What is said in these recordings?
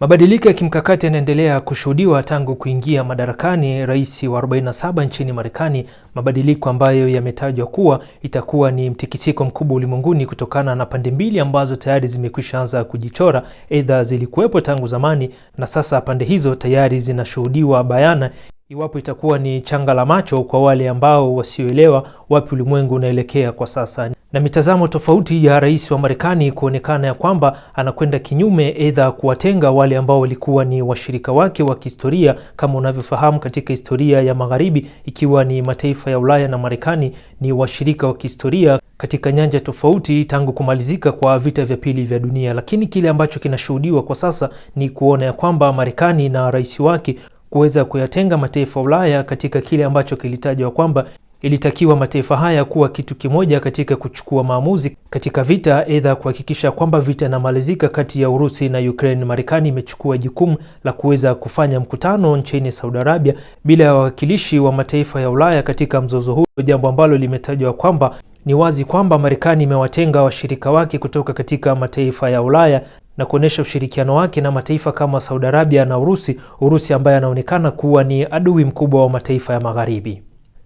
Mabadiliko ya kimkakati yanaendelea kushuhudiwa tangu kuingia madarakani rais wa 47 nchini Marekani, mabadiliko ambayo yametajwa kuwa itakuwa ni mtikisiko mkubwa ulimwenguni kutokana na pande mbili ambazo tayari zimekwisha anza kujichora, aidha zilikuwepo tangu zamani na sasa pande hizo tayari zinashuhudiwa bayana iwapo itakuwa ni changa la macho kwa wale ambao wasioelewa wapi ulimwengu unaelekea kwa sasa, na mitazamo tofauti ya rais wa Marekani kuonekana ya kwamba anakwenda kinyume, eidha kuwatenga wale ambao walikuwa ni washirika wake wa kihistoria, kama unavyofahamu katika historia ya Magharibi, ikiwa ni mataifa ya Ulaya na Marekani ni washirika wa kihistoria katika nyanja tofauti tangu kumalizika kwa vita vya pili vya dunia. Lakini kile ambacho kinashuhudiwa kwa sasa ni kuona ya kwamba Marekani na rais wake kuweza kuyatenga mataifa ya Ulaya katika kile ambacho kilitajwa kwamba ilitakiwa mataifa haya kuwa kitu kimoja katika kuchukua maamuzi katika vita, aidha kuhakikisha kwamba vita inamalizika kati ya Urusi na Ukraine. Marekani imechukua jukumu la kuweza kufanya mkutano nchini Saudi Arabia bila ya wawakilishi wa mataifa ya Ulaya katika mzozo huo, jambo ambalo limetajwa kwamba ni wazi kwamba Marekani imewatenga washirika wake kutoka katika mataifa ya Ulaya na kuonyesha ushirikiano wake na mataifa kama Saudi Arabia na Urusi, Urusi ambaye anaonekana kuwa ni adui mkubwa wa mataifa ya Magharibi.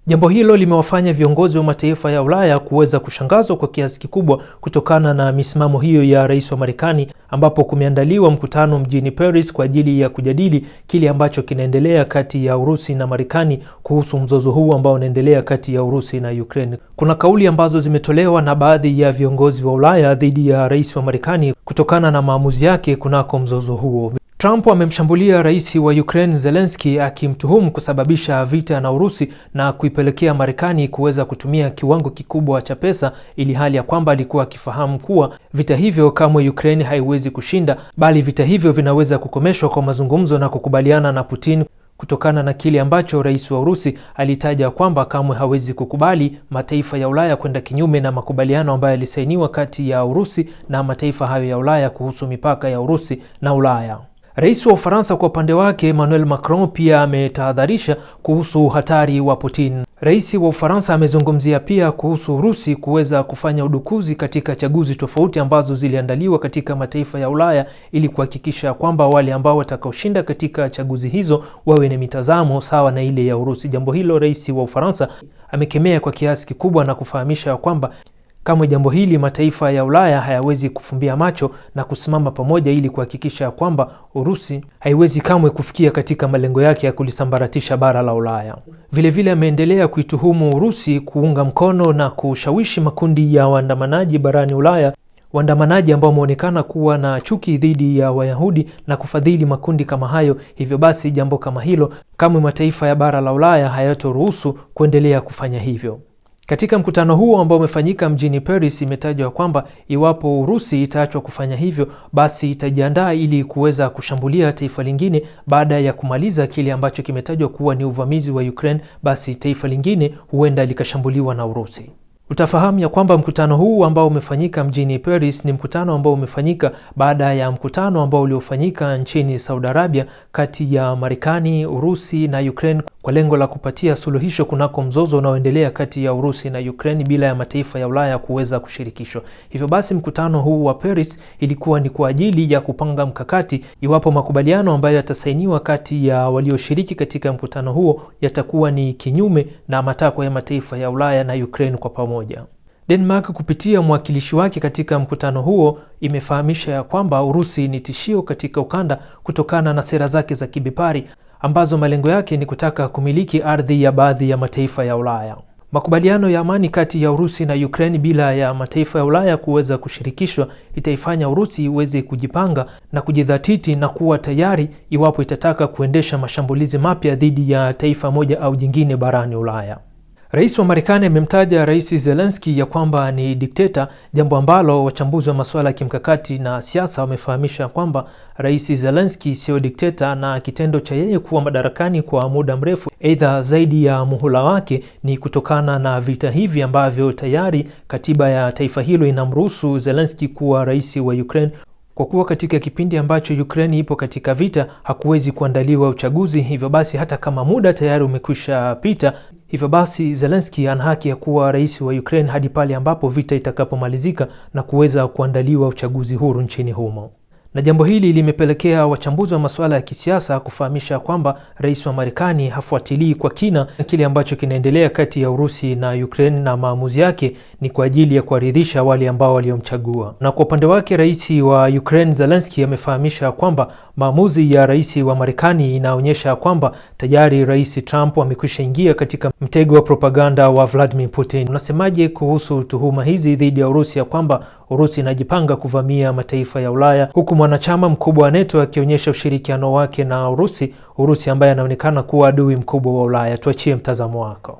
Jambo hilo limewafanya viongozi wa mataifa ya Ulaya kuweza kushangazwa kwa kiasi kikubwa kutokana na misimamo hiyo ya rais wa Marekani, ambapo kumeandaliwa mkutano mjini Paris kwa ajili ya kujadili kile ambacho kinaendelea kati ya Urusi na Marekani kuhusu mzozo huu ambao unaendelea kati ya Urusi na Ukraine. Kuna kauli ambazo zimetolewa na baadhi ya viongozi wa Ulaya dhidi ya rais wa Marekani kutokana na maamuzi yake kunako mzozo huo. Trump amemshambulia rais wa Ukraine Zelensky akimtuhumu kusababisha vita na Urusi na kuipelekea Marekani kuweza kutumia kiwango kikubwa cha pesa ili hali ya kwamba alikuwa akifahamu kuwa vita hivyo kamwe Ukraine haiwezi kushinda, bali vita hivyo vinaweza kukomeshwa kwa mazungumzo na kukubaliana na Putin kutokana na kile ambacho rais wa Urusi alitaja kwamba kamwe hawezi kukubali mataifa ya Ulaya kwenda kinyume na makubaliano ambayo yalisainiwa kati ya Urusi na mataifa hayo ya Ulaya kuhusu mipaka ya Urusi na Ulaya. Rais wa Ufaransa kwa upande wake Emmanuel Macron pia ametahadharisha kuhusu hatari wa Putin. Rais wa Ufaransa amezungumzia pia kuhusu Urusi kuweza kufanya udukuzi katika chaguzi tofauti ambazo ziliandaliwa katika mataifa ya Ulaya ili kuhakikisha kwamba wale ambao watakaoshinda katika chaguzi hizo wawe na mitazamo sawa na ile ya Urusi. Jambo hilo rais wa Ufaransa amekemea kwa kiasi kikubwa na kufahamisha ya kwamba Kamwe jambo hili mataifa ya Ulaya hayawezi kufumbia macho na kusimama pamoja ili kuhakikisha ya kwamba Urusi haiwezi kamwe kufikia katika malengo yake ya kulisambaratisha bara la Ulaya. Vilevile ameendelea kuituhumu Urusi kuunga mkono na kushawishi makundi ya waandamanaji barani Ulaya, waandamanaji ambao wameonekana kuwa na chuki dhidi ya Wayahudi na kufadhili makundi kama hayo. Hivyo basi, jambo kama hilo kamwe mataifa ya bara la Ulaya hayatoruhusu kuendelea kufanya hivyo. Katika mkutano huo ambao umefanyika mjini Paris, imetajwa kwamba iwapo Urusi itaachwa kufanya hivyo, basi itajiandaa ili kuweza kushambulia taifa lingine baada ya kumaliza kile ambacho kimetajwa kuwa ni uvamizi wa Ukraine, basi taifa lingine huenda likashambuliwa na Urusi. Utafahamu ya kwamba mkutano huu ambao umefanyika mjini Paris ni mkutano ambao umefanyika baada ya mkutano ambao uliofanyika nchini Saudi Arabia kati ya Marekani, Urusi na Ukraine kwa lengo la kupatia suluhisho kunako mzozo unaoendelea kati ya Urusi na Ukraine bila ya mataifa ya Ulaya kuweza kushirikishwa. Hivyo basi mkutano huu wa Paris ilikuwa ni kwa ajili ya kupanga mkakati iwapo makubaliano ambayo yatasainiwa kati ya walioshiriki katika mkutano huo yatakuwa ni kinyume na matakwa ya mataifa ya Ulaya na Ukraine kwa pamoja. Denmark kupitia mwakilishi wake katika mkutano huo imefahamisha ya kwamba Urusi ni tishio katika ukanda kutokana na sera zake za kibepari ambazo malengo yake ni kutaka kumiliki ardhi ya baadhi ya mataifa ya Ulaya. Makubaliano ya amani kati ya Urusi na Ukraine bila ya mataifa ya Ulaya kuweza kushirikishwa itaifanya Urusi iweze kujipanga na kujidhatiti na kuwa tayari iwapo itataka kuendesha mashambulizi mapya dhidi ya taifa moja au jingine barani Ulaya. Rais wa Marekani amemtaja Rais Zelensky ya kwamba ni dikteta, jambo ambalo wachambuzi wa masuala ya kimkakati na siasa wamefahamisha kwamba Rais Zelensky siyo dikteta, na kitendo cha yeye kuwa madarakani kwa muda mrefu, aidha zaidi ya muhula wake, ni kutokana na vita hivi ambavyo tayari katiba ya taifa hilo inamruhusu Zelensky kuwa rais wa Ukraine kwa kuwa katika kipindi ambacho Ukraine ipo katika vita hakuwezi kuandaliwa uchaguzi. Hivyo basi hata kama muda tayari umekwisha pita, Hivyo basi Zelensky ana haki ya kuwa rais wa Ukraine hadi pale ambapo vita itakapomalizika na kuweza kuandaliwa uchaguzi huru nchini humo na jambo hili limepelekea wachambuzi wa masuala ya kisiasa kufahamisha kwamba rais wa Marekani hafuatilii kwa kina kile ambacho kinaendelea kati ya Urusi na Ukraine, na maamuzi yake ni kwa ajili ya kuwaridhisha wale ambao waliomchagua. Na kwa upande wake, rais wa Ukraine Zelensky amefahamisha kwamba maamuzi ya rais wa Marekani inaonyesha kwamba tayari rais Trump amekwisha ingia katika mtego wa propaganda wa Vladimir Putin. Unasemaje kuhusu tuhuma hizi dhidi ya Urusi ya kwamba Urusi inajipanga kuvamia mataifa ya Ulaya huku mwanachama mkubwa wa NATO akionyesha ushirikiano wake na Urusi, Urusi ambaye anaonekana kuwa adui mkubwa wa Ulaya. Tuachie mtazamo wako.